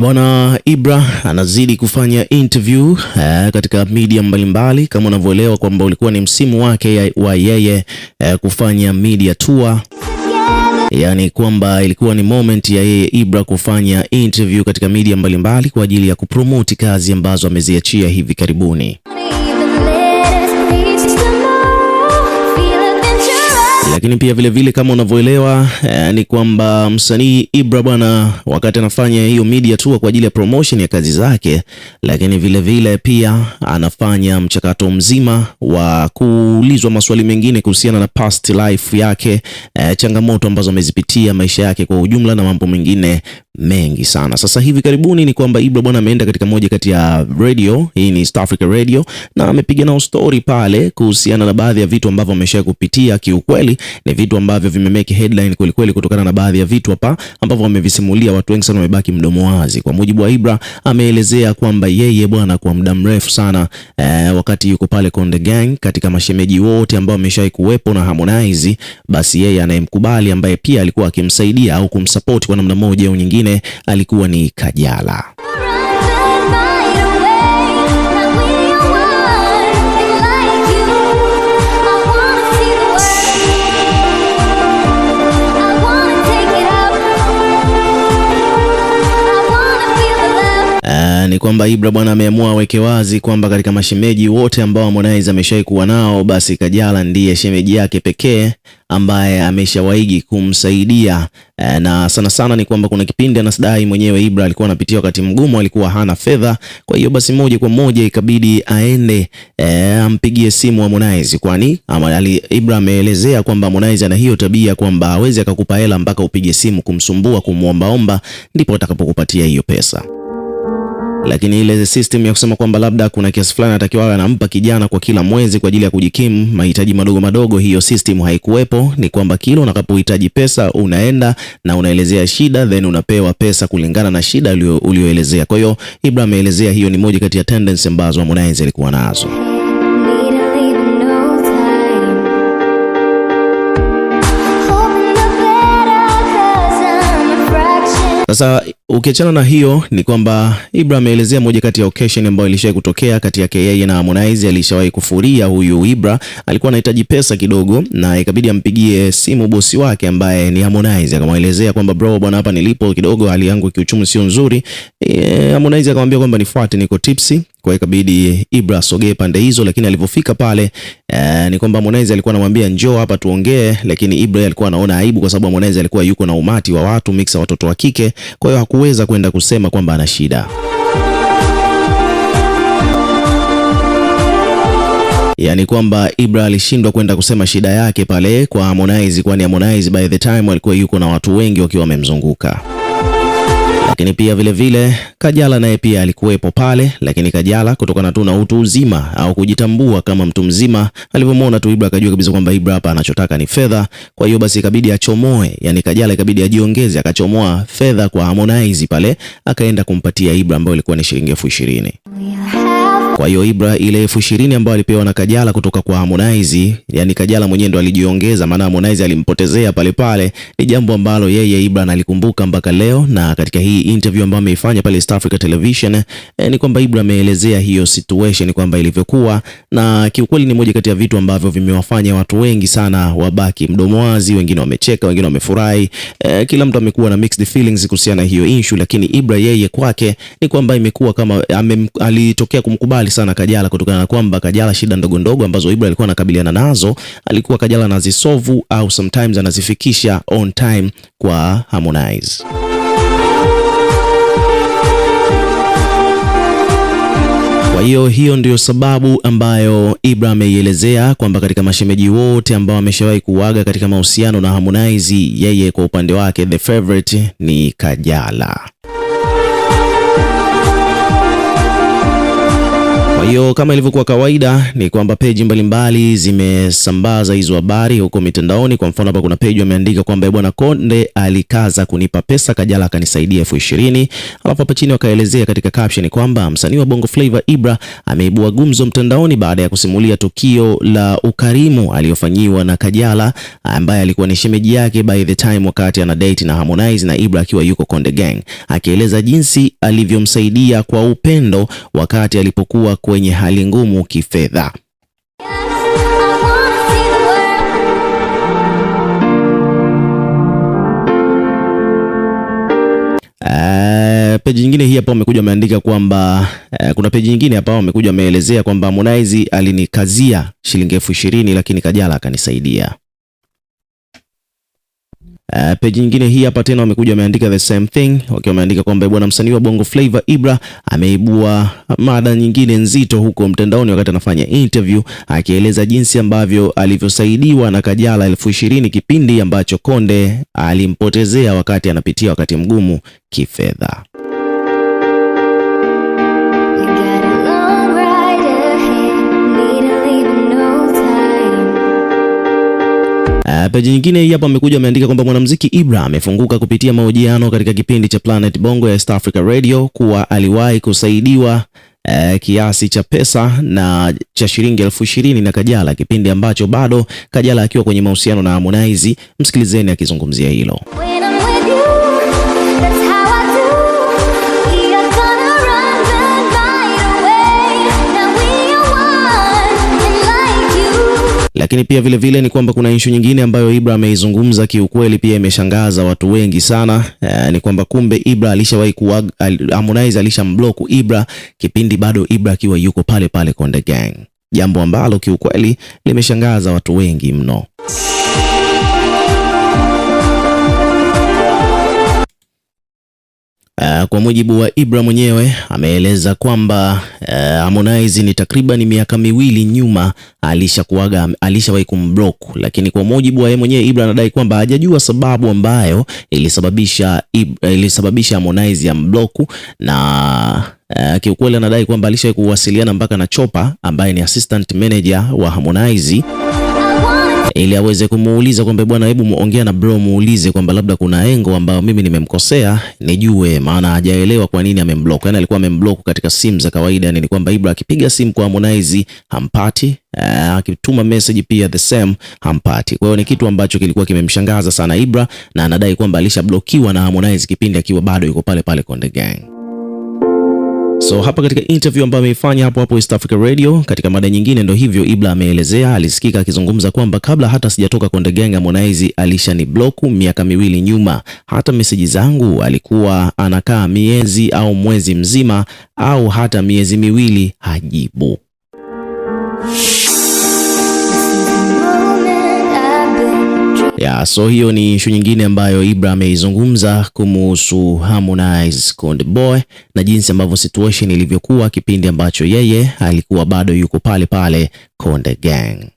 Bwana Ibra anazidi kufanya interview uh, katika media mbalimbali kama unavyoelewa kwamba ulikuwa ni msimu wake wa yeye uh, kufanya media tour yaani kwamba ilikuwa ni moment ya yeye Ibra kufanya interview katika media mbalimbali kwa ajili ya kupromoti kazi ambazo ameziachia hivi karibuni. Lakini pia vile vile kama unavyoelewa eh, ni kwamba msanii Ibra bwana, wakati anafanya hiyo media tour kwa ajili ya promotion ya kazi zake, lakini vile vile pia anafanya mchakato mzima wa kuulizwa maswali mengine kuhusiana na past life yake eh, changamoto ambazo amezipitia maisha yake kwa ujumla na mambo mengine mengi sana. Sasa hivi karibuni ni kwamba Ibra bwana ameenda katika moja kati ya radio, hii ni East Africa Radio, na amepiga nao story pale kuhusiana na baadhi ya vitu ambavyo ameshakupitia kiukweli ni vitu ambavyo vimemeke headline kwelikweli, kutokana na baadhi ya vitu hapa ambavyo wamevisimulia. Watu wengi sana wamebaki mdomo wazi. Kwa mujibu wa Ibra, ameelezea kwamba yeye bwana, kwa muda mrefu sana e, wakati yuko pale Konde Gang, katika mashemeji wote ambao ameshawahi kuwepo na Harmonize, basi yeye anayemkubali ambaye pia alikuwa akimsaidia au kumsupport kwa namna moja au nyingine alikuwa ni Kajala. kwamba Ibra bwana ameamua aweke wazi kwamba katika mashemeji wote ambao Harmonize ameshawahi kuwa nao, basi Kajala ndiye shemeji yake pekee ambaye ameshawahi kumsaidia e, na sana sana ni kwamba kuna kipindi anasadai mwenyewe Ibra alikuwa anapitia wakati mgumu, alikuwa hana fedha. Kwa hiyo basi moja kwa moja ikabidi aende e, ampigie simu Harmonize, kwani Ibra ameelezea kwamba Harmonize ana hiyo tabia kwamba hawezi akakupa hela mpaka upige simu kumsumbua, kumwombaomba, ndipo atakapokupatia hiyo pesa lakini ile system ya kusema kwamba labda kuna kiasi fulani anatakiwa awe anampa kijana kwa kila mwezi kwa ajili ya kujikimu mahitaji madogo madogo, hiyo system haikuwepo. Ni kwamba kila unakapohitaji pesa unaenda na unaelezea shida, then unapewa pesa kulingana na shida ulioelezea Kwa hiyo Ibra ameelezea hiyo ni moja kati ya tendency ambazo Harmonize alikuwa nazo. Sasa ukiachana na hiyo, ni kwamba Ibra ameelezea moja kati ya occasion ambayo ilishawahi kutokea kati yake yeye na Harmonize. Alishawahi kufuria huyu Ibra, alikuwa anahitaji pesa kidogo, na ikabidi ampigie simu bosi wake ambaye ni Harmonize, akamwelezea kwamba bro, bwana, hapa nilipo kidogo, hali yangu kiuchumi sio nzuri. E, Harmonize akamwambia kwamba nifuate, niko tipsi kwa hiyo ikabidi Ibra asogee pande hizo, lakini alivyofika pale e, ni kwamba Harmonize alikuwa anamwambia njoo hapa tuongee, lakini Ibra alikuwa anaona aibu kwa sababu Harmonize alikuwa yuko na umati wa watu mixa watoto wa kike, kwa hiyo hakuweza kwenda kusema kwamba ana shida. Yaani kwamba Ibra alishindwa kwenda kusema shida yake pale kwa Harmonize, kwani Harmonize by the time alikuwa yuko na watu wengi wakiwa wamemzunguka. Lakini pia vilevile vile, Kajala naye pia alikuwepo pale, lakini Kajala kutokana tu na utu uzima au kujitambua kama mtu mzima, alivyomwona tu Ibra akajua kabisa kwamba Ibra hapa anachotaka ni fedha. Kwa hiyo basi ikabidi achomoe, yani Kajala ikabidi ajiongeze, akachomoa fedha kwa Harmonize pale, akaenda kumpatia Ibra ambayo ilikuwa ni shilingi elfu ishirini. Kwa hiyo Ibra ile elfu ishirini ambayo alipewa na Kajala kutoka kwa Harmonize, yani Kajala mwenyewe ndo alijiongeza, maana Harmonize alimpotezea pale pale, ni jambo ambalo yeye Ibra analikumbuka mpaka leo. Na katika hii interview ambayo ameifanya pale East Africa Television eh, ni kwamba Ibra ameelezea hiyo situation kwamba ilivyokuwa, na kiukweli ni moja kati ya vitu ambavyo vimewafanya watu wengi sana wabaki mdomo wazi, wengine wamecheka, wengine wamefurahi, eh, kila mtu amekuwa na mixed feelings kuhusiana na hiyo issue, lakini Ibra yeye kwake ni kwamba imekuwa kama ame, alitokea kumkubali mbali sana Kajala, kutokana na kwamba Kajala shida ndogo ndogo ambazo Ibra alikuwa anakabiliana nazo alikuwa Kajala anazisovu au sometimes anazifikisha on time kwa Harmonize. Kwa hiyo hiyo ndiyo sababu ambayo Ibra ameielezea kwamba katika mashemeji wote ambao ameshawahi kuwaga katika mahusiano na Harmonize, yeye kwa upande wake the favorite ni Kajala. hiyo kama ilivyokuwa kawaida ni kwamba peji mbalimbali zimesambaza hizo habari huko mitandaoni. Kwa mfano, hapa kuna peji wameandika kwamba eh, bwana Konde alikaza kunipa pesa, Kajala akanisaidia elfu ishirini. Alafu hapa chini wakaelezea katika caption kwamba msanii wa Bongo Flava Ibra ameibua gumzo mtandaoni baada ya kusimulia tukio la ukarimu aliyofanyiwa na Kajala ambaye alikuwa ni shemeji yake by the time wakati ana date na Harmonize na Ibra akiwa yuko Konde Gang, akieleza jinsi alivyomsaidia kwa upendo wakati alipokuwa kwe wenye hali ngumu kifedha. Eh, peji nyingine hii hapa wamekuja wameandika kwamba eh, kuna peji nyingine hapa wamekuja wameelezea kwamba Harmonize alinikazia shilingi elfu ishirini lakini Kajala akanisaidia. Uh, peji nyingine hii hapa tena wamekuja wameandika the same thing wakiwa okay, wameandika kwamba eh, bwana msanii wa Bongo Flava Ibra ameibua mada nyingine nzito huko mtandaoni wakati anafanya interview akieleza jinsi ambavyo alivyosaidiwa na Kajala elfu ishirini kipindi ambacho Konde alimpotezea wakati anapitia wakati mgumu kifedha. Eh, peji nyingine hii hapa amekuja ameandika kwamba mwanamuziki Ibra amefunguka kupitia mahojiano katika kipindi cha Planet Bongo ya East Africa Radio kuwa aliwahi kusaidiwa Uh, kiasi cha pesa na cha shilingi elfu ishirini na Kajala kipindi ambacho bado Kajala akiwa kwenye mahusiano na Harmonize. Msikilizeni akizungumzia hilo. Lakini pia vile vile ni kwamba kuna issue nyingine ambayo Ibra ameizungumza kiukweli, pia imeshangaza watu wengi sana eh, ni kwamba kumbe Ibra alishawahi kuwa Harmonize alishamblock Ibra kipindi bado Ibra akiwa yuko pale pale Konde Gang, jambo ambalo kiukweli limeshangaza watu wengi mno. Uh, kwa mujibu wa Ibra mwenyewe ameeleza kwamba uh, Harmonize ni takriban miaka miwili nyuma alishakuaga alishawahi kumblock, lakini kwa mujibu wa yeye mwenyewe Ibra anadai kwamba hajajua sababu ambayo ilisababisha ilisababisha Harmonize ya mblock na Uh, kiukweli anadai kwamba alishawahi kuwasiliana mpaka na Chopa ambaye ni assistant manager wa Harmonize ili aweze kumuuliza kwamba bwana, hebu muongea na bro, muulize kwamba labda kuna engo ambayo mimi nimemkosea nijue, maana hajaelewa kwa nini amemblock. Yani alikuwa amemblock katika simu za kawaida, yani ni kwamba Ibra akipiga simu kwa Harmonize hampati, eh, akituma message pia the same hampati. Kwa hiyo ni kitu ambacho kilikuwa kimemshangaza sana Ibra, na anadai kwamba alishablokiwa na Harmonize kipindi akiwa bado yuko pale pale Konde Gang. So hapa katika interview ambayo ameifanya hapo hapo East Africa Radio, katika mada nyingine ndo hivyo, Ibla ameelezea alisikika akizungumza kwamba kabla hata sijatoka Konde Gang, Harmonize block miaka miwili nyuma. Hata meseji zangu alikuwa anakaa miezi au mwezi mzima au hata miezi miwili hajibu. Yeah, so hiyo ni ishu nyingine ambayo Ibra ameizungumza kumuhusu Harmonize Konde Boy na jinsi ambavyo situation ilivyokuwa kipindi ambacho yeye alikuwa bado yuko pale pale Konde Gang.